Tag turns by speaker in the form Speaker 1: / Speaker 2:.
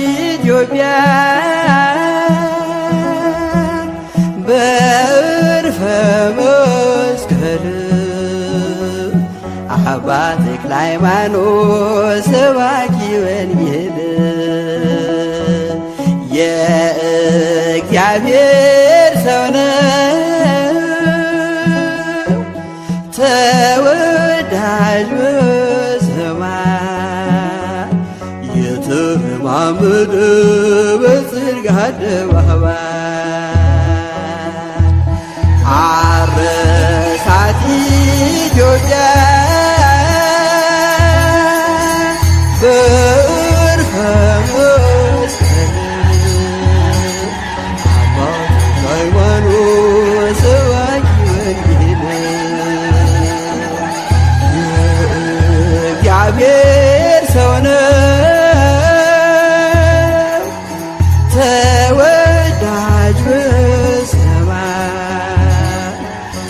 Speaker 1: ኢትዮጵያ በእርፈ መስቀል አባ ተክለ ሃይማኖት ሰባኪ ወንጌል የእግዚአብሔር ሰው ነው ተወዳጅ ተማምዶ በጽድቅ አደባባይ አረሳት ኢትዮጵያ Yeah.